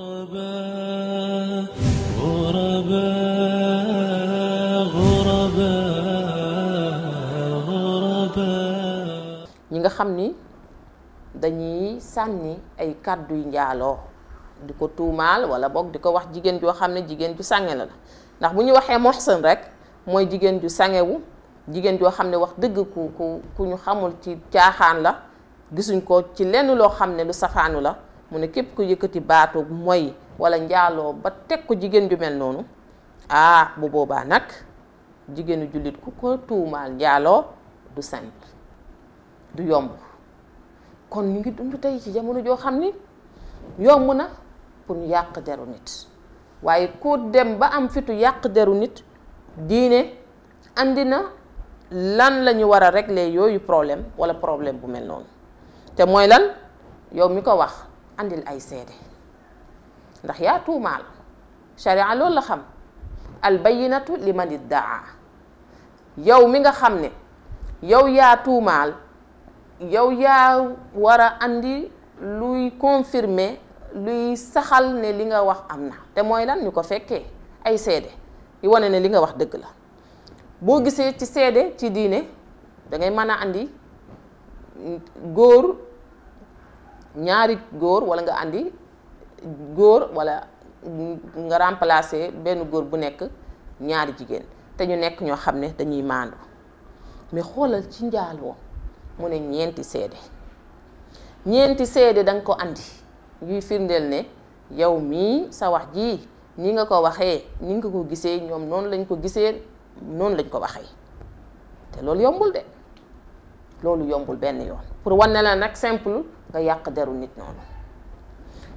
ñi nga xam ni dañuy sànni ay kàdduy njaaloo di ko tuumaal wala boog di ko wax jigéen joo xam ne jigéen ju sànge la ndax bu ñu waxee muhsan rek mooy jigéen ju sangewu jigéen joo xam ne wax dëgg ku ku ku ñu xamul ci caaxaan la gisuñ ko ci lenn loo xam ne lu safaanu la mu ne képp ku yëkkati baatu mooy wala njaaloo ba teg ko jigéen ju mel noonu ah bu boobaa nag jigéenu jullit ku ko tuumaal njaaloo du simple du yomb kon ñu ngi dund tey ci jamono joo xam ni yomb na pour ñu yàq deru nit waaye koo dem ba am fitu yàq deru nit diine andi na lan lañu ñu war a régler yooyu problème wala problème bu mel noonu te mooy lan yow mi ko wax andil ay seede ndax yaa tuumaal sharia loolu la xam albayinatu li man daa yow mi nga xam ne yow yaa tuumaal yow yaa war a andi luy confirme luy saxal ne li nga wax am na te mooy lan ñu ko fekkee ay seede yi wane ne li nga wax dëgg la boo gisee ci seede ci diine da ngay mën a andi góor ñaari góor wala nga àndi góor wala nga remplacer benn góor bu nekk ñaari jigéen te ñu nekk ñoo xam ne dañuy maandu mais xoolal ci njaaloo mu ne ñeenti seede ñeenti seede danga ko andi yuy firndeel ne yow mii sa wax ji ni nga ko waxee ni nga ko gisee ñoom noonu lañ ko gisee noonu lañ ko waxee te loolu yombul de loolu yombul benn yoon pour na leen nag simple nga yàq deru nit noonu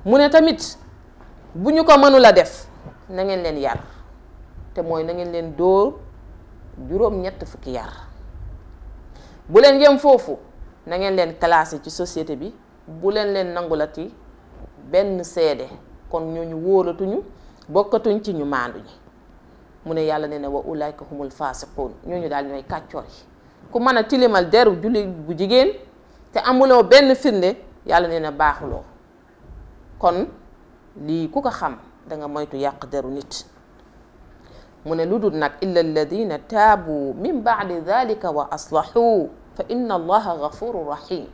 mu ne tamit bu ñu ko mënula def na ngeen leen yar te mooy na ngeen leen dóor juróom-ñett fukki yar bu leen yem foofu na ngeen leen classé ci société bi bu leen leen nangulati benn seede kon ñooñu wóoratuñu bokkatuñ ci ñu maandu ñi mu ne yàlla ne ne wa ulaayka humul faasiquun ñooñu daal ñooy kàccoor yi ku mën a tilimal deru jullit bu jigéen te amuloo benn firnde yàlla nee na baaxuloo kon lii ku ko xam da nga moytu yàq deru nit mu ne lu dul nag illa alladina taabu min baadi dalika wa aslahu fa inna allaha gafuru rahim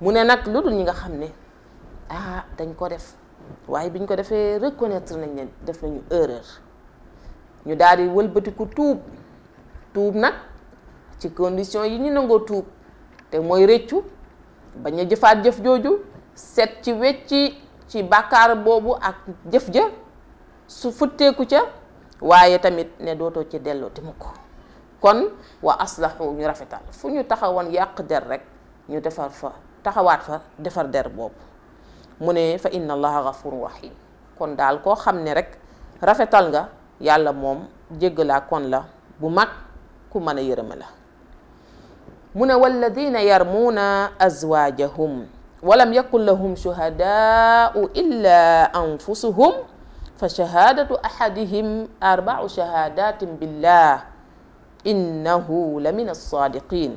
mu ne nag lu dul ñi nga xam ne ah dañ ko def waaye biñ ko defee reconnaître nañ ne def nañu erreur ñu daal di wëlbatiku tuub tuub nag ci condition yi ñu nangoo tuub te mooy rëccu bañ a jëfaat jëf jooju set ci wecci ci bàkkaar boobu ak jëf ja su futteeku ca waaye tamit ne dootoo ci delloo ti mukk kon wa aslahu ñu rafetal fu ñu taxawoon yàq der rekk ñu defar fa taxawaat fa defar der boobu mu ne fa inna allaha ghafurun rahim kon daal koo xam ne rek rafetal nga yàlla moom laa kon la bu mag ku mën a yërëme la من والذين يرمون أزواجهم ولم يكن لهم شهداء إلا أنفسهم فشهادة أحدهم أربع شهادات بالله إنه لمن الصادقين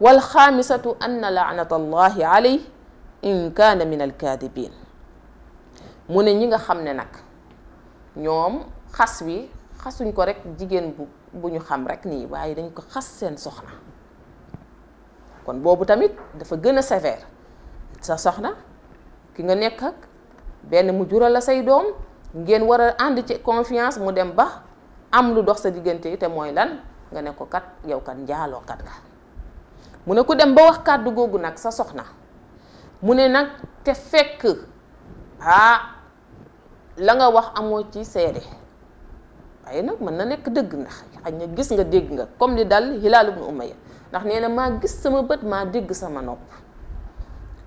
والخامسة أن لعنة الله عليه إن كان من الكاذبين من نيغا خامنا ناك نيوم خاسوي خاسو نكو ريك جيجين بو نيو خام ريك ني واي دنجكو خاس سين سخنا kon bobu tamit dafa gëna sévère sa soxna ki nga nek ak ben mu jural la say dom ngeen wara and ci confiance mu dem ba am lu dox sa digënté te moy lan nga ne ko kat yow kan jaalo kat nga mu ne ko dem ba wax kaddu gogu nak sa soxna mu ne nak té fekk ah la nga wax amo ci sédé waaye nak man na nek deug nak gis nga dégg nga comme ni dal hilal ibn umayyah ndax nee na maa gis sama bët maa dégg sama nopp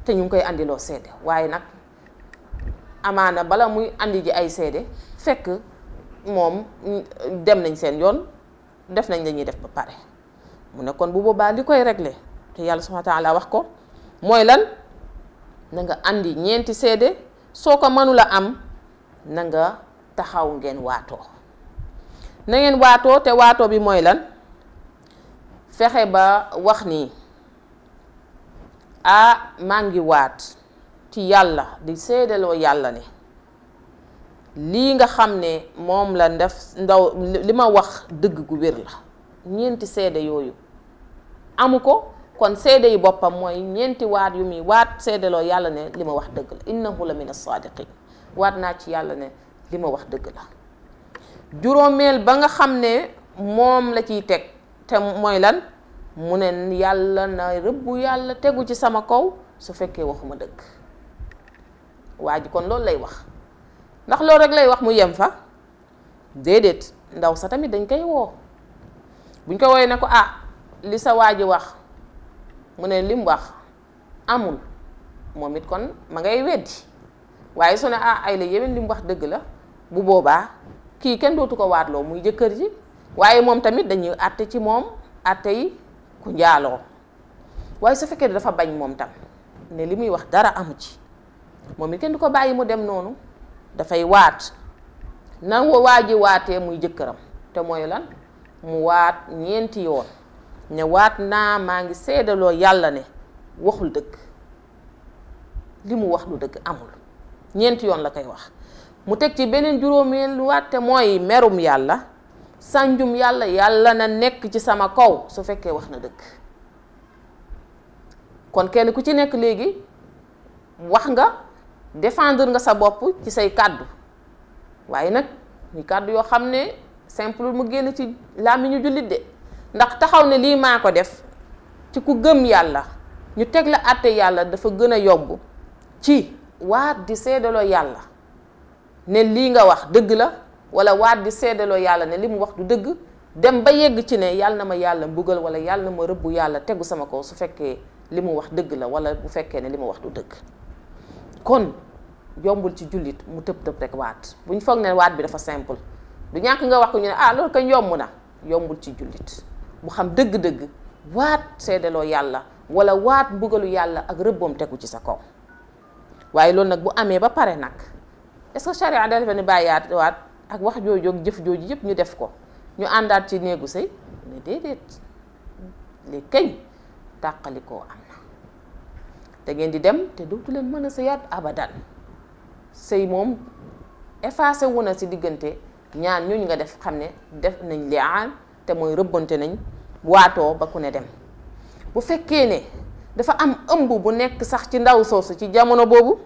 te ñu ngi koy andiloo seede waaye nag amaana bala muy andi ji ay seede fekk moom dem nañ seen yoon def nañ lañuy def ba pare mu ne kon bu boobaa li koy regle te yàlla subhaanahu wa wax ko mooy lan na nga andi ñeenti seede soo ko mënula am na nga taxaw ngeen waatoo na ngeen waatoo te waatoo bi mooy lan fexe ba wax ni ah maa ngi waat ci yàlla di seddaloo yàlla ne lii nga xam ne moom la ndef ndaw li ma wax dëgg gu wér la ñeenti seede yooyu amu ko kon seede yi boppam mooy ñeenti waat yu muy waat seedaloo yàlla ne li ma wax dëgg la innahu la min as-saadiqin waat naa ci yàlla ne li ma wax dëgg la juróomeel ba nga xam ne moom la ciy teg te mooy lan mu ne yàlla na rëbbu yàlla tegu ci sama kow su fekkee waxuma dëgg waa ji kon loolu lay wax ndax loolu rek lay wax mu yem fa déedéet ndaw sa tamit dañ koy woo buñ ko woowee ne ko ah li sa waa wax mu ne lim wax amul moom it kon ma ngay weddi waaye su ne ah ay la yéwén lim wax dëgg la bu boobaa kii kenn dootu ko waatloo muy jëkkër ji waaye moom tamit dañuy àtte ci moom àtte yi ku njaaloo waaye su fekkee dafa bañ moom tam ne li muy wax dara amu ci moom it kenn du ko bàyyi mu dem noonu dafay waat nan wa waatee muy jëkkëram te mooy lan mu waat ñeenti yoon ne waat naa maa ngi seddaloo yàlla ne waxul dëgg li mu wax lu dëgg amul ñeenti yoon la koy wax mu teg ci beneen juróomeel waat te mooy merum yàlla sanjum yàlla yàlla na nekk ci sama kow su fekkee wax na dëgg kon kenn ku ci nekk léegi wax nga défendre nga sa bopp ci say kàddu waaye nag muy kàddu yoo xam ne simple mu génn ci làmmiñu jullit de ndax taxaw ne lii maa ko def ci ku gëm yàlla ñu teg la àtte yàlla dafa gën a yomb ci waat di seddaloo yàlla ne lii nga wax dëgg la wala waat di seedaloo yàlla ne li mu wax du dëgg dem ba yegg ci ne yàlla na ma yàlla mbugal wala yàlla na ma rëbbu yàlla tegu sama kaw su fekkee li mu wax dëgg la wala bu fekkee ne li ma wax du dëgg kon yombul ci jullit mu tëb tëb rek foog ne waat bi dafa simple du ñàkk nga wax ko ñu ne ah loolu na yombul ci jullit bu xam dëgg-dëgg waat seedaloo yàlla wala waat mbugalu yàlla ak rëbboom tegu ci sa kaw waaye loolu nag bu amee ba pare nag est-ce que charia dafa ne waat ak wax joojook jëf jooju yëpp ñu def ko ñu àndaat ci néegu sëy ne déedéet léegi tàqalikoo am na te ngeen di dem te dootu leen mën a sëyaat abadan sëy moom effacé wu na si diggante ñaan ñooñu nga def xam ne def nañ liaan te mooy rëbbante nañ waatoo ba ku ne dem bu fekkee ne dafa am ëmb bu nekk sax ci ndaw soosu ci jamono boobu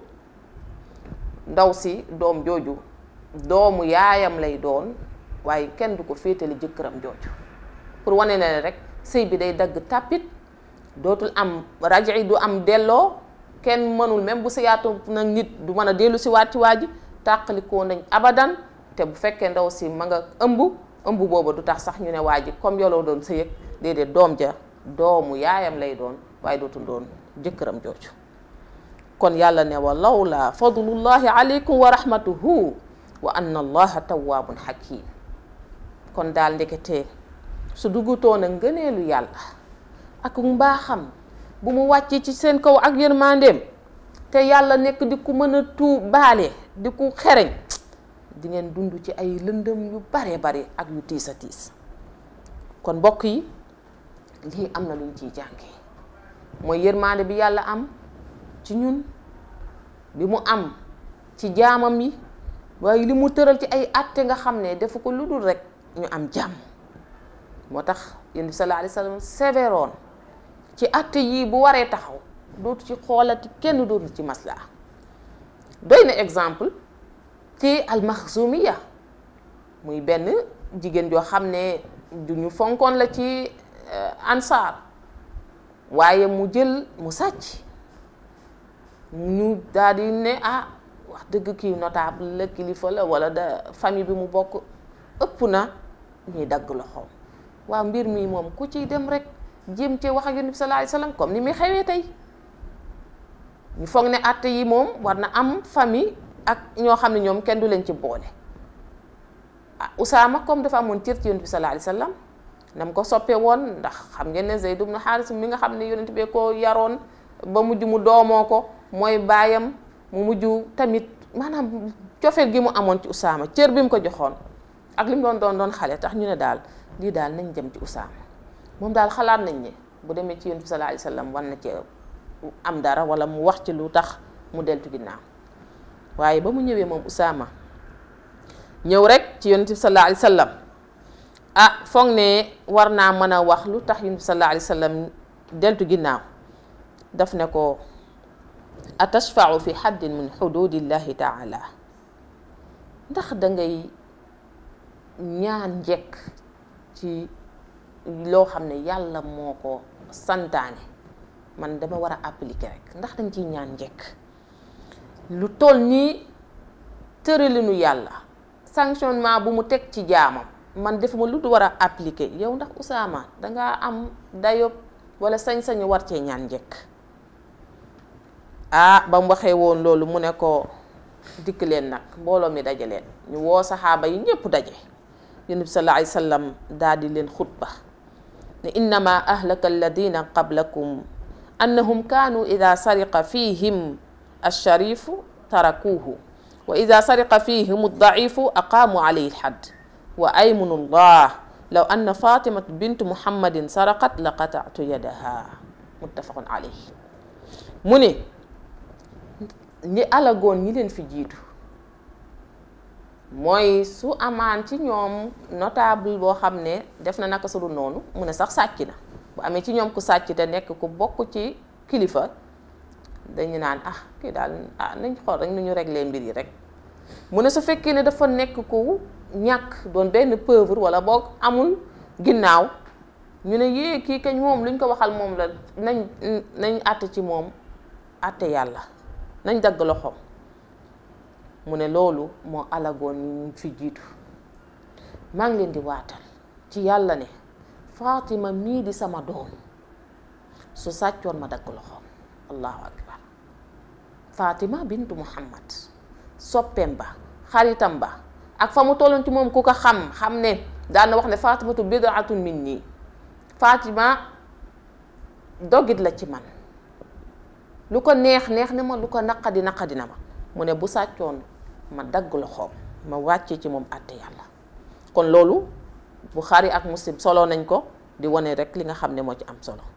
ndaw si doom jooju doomu yaayam lay doon waaye kenn du ko féetale jëkkëram jooju pour wane ne rek sëy bi day dagg tàppit dootul am raji du am delloo kenn mënul même bu sëyaatu nag nit du mën a dellu si waat ci waa ji tàqalikoo nañ abadan te bu fekkee ndaw si ma nga ëmb ëmb boobu du tax sax ñu ne waa ji comme yoloo doon sa yëg déedéet doom ja doomu yaayam lay doon waaye dootul doon jëkkëram jooju kon yàlla ne wa lawla fadlullahi aleykum wa rahmatuhu wa anna allaha tawaabun hakim kon daal ndeketee su dugutoon a ngëneelu yàlla ak mbaaxam bu mu wàccee ci seen kaw ak yërmandeem te yàlla nekk di ku mën a tuub baale di ku xereñ di ngeen dund ci ay lëndëm yu bare bare ak yu tiis a tiis kon mbokk yi lii am na luñ ciy jànge mooy yërmande bi yàlla am ci ñun bi mu am ci jaamam yi waaye li mu tëral ci ay àtte nga xam ne dafa ko lu dul rek ñu am jàmm moo tax yéen bi sallallahu alayhi wasallam sévéroon ci àtte yii bu waree taxaw dootu ci xoolati kenn dootu ci maslaa doy na exemple ci almaxzumiya muy benn jigéen joo xam ne du ñu fonkoon la ci euh, ansaar waaye mu jël mu sàcc ñu daal di ne ah wax dëgg kii notable la kilifa la wala da famille bi mu bokk ëpp na ñuy dagg loxoom waaw mbir mii moom ku ciy dem rek jéem cee wax ak yonent bi sallallahu alayhi wasallam ni tey ñu foog ne àtte yi moom war na am famille ak ñoo xam ne ñoom kenn du leen ci boole ah ma comme dafa amoon cër ci yonent bi sallallahu alayhi wasallam nam ko soppe woon ndax xam ngeen ne Zayd na Haaris mi nga xam ne yonent bee ko yaroon ba mujj mu doomoo ko mooy baayam mu mujj tamit maanaam cofeel gi mu amoon ci Usaama cër bi mu ko joxoon ak li mu doon doon doon xale tax ñu ne daal lii daal nañ jëm ci Usaama moom daal xalaat nañ ne bu demee ci Yonent bi sallallahu alayhi wa sallam na ci am dara wala mu wax ci lu tax mu deltu ginnaaw waaye ba mu ñëwee moom Usaama ñëw rek ci Yonent bi sallallahu alayhi wa sallam ah foog ne war naa mën a wax lu tax Yonent bi sallallahu alayhi wa deltu ginnaaw daf ne ko أتشفع في حد من حدود الله تعالى ندخ دنجي نيان جيك تي لو خمني يالا موكو سنتاني من دما ورا أبلي كريك ندخ دنجي نيان جيك لو تول ني تري يالا سانكشون ما بومو تك تي جامو من دفما لو دو ورا أبلي كي يو ندخ أسامة دنجا أم دايوب ولا سانسان يوار تي ah ba mu waxee woon mu ne ko dikk leen nag mbooloo mi daje leen ñu woo saxaaba yi ñëpp daje yonent sallallahu alayhi wa sallam daal di ne innama ahlaka alladina qablakum annahum sariqa fihim wa ida sariqa fihim bintu muhammadin saraqat la qatatu yadaha li alagoon ñi leen fi jiitu mooy su amaan ci ñoom notable boo xam ne def na naka su dul noonu mu ne sax sàcc na bu amee ci ñoom ku sàcc te nekk ku bokk ci kilifa dañu naan ah kii daal ah nañ xool rek nu mbir yi rek mu ne su fekkee ne dafa nekk ku ñàkk doon benn pauvre wala boog amul ginnaaw ñu ne yée kii kañ moom luñ ko waxal moom la nañ nañ àtte ci moom àtte yàlla nañ dagg loxoom mu ne loolu moo alagoon fi jiitu maa ngi leen di waatal ci yàlla ne Fatima mii di sama doom su sàccoon ma dagg loxoom allahu akbar Fatima bintu Muhammad soppeem ba xaritam ba ak fa mu tolloon ci moom ku ko xam xam ne daan na wax ne Fatimatu bidaatun min nii Fatima dogit la ci man lu ko neex neex na ma lu ko naqadi naqadi na ma mu ne bu sàccoon ma dagg loxoom ma wàccee ci moom àtte yàlla kon loolu bu Buxaari ak Muslim solo nañ ko di wane rek li nga xam ne moo ci am solo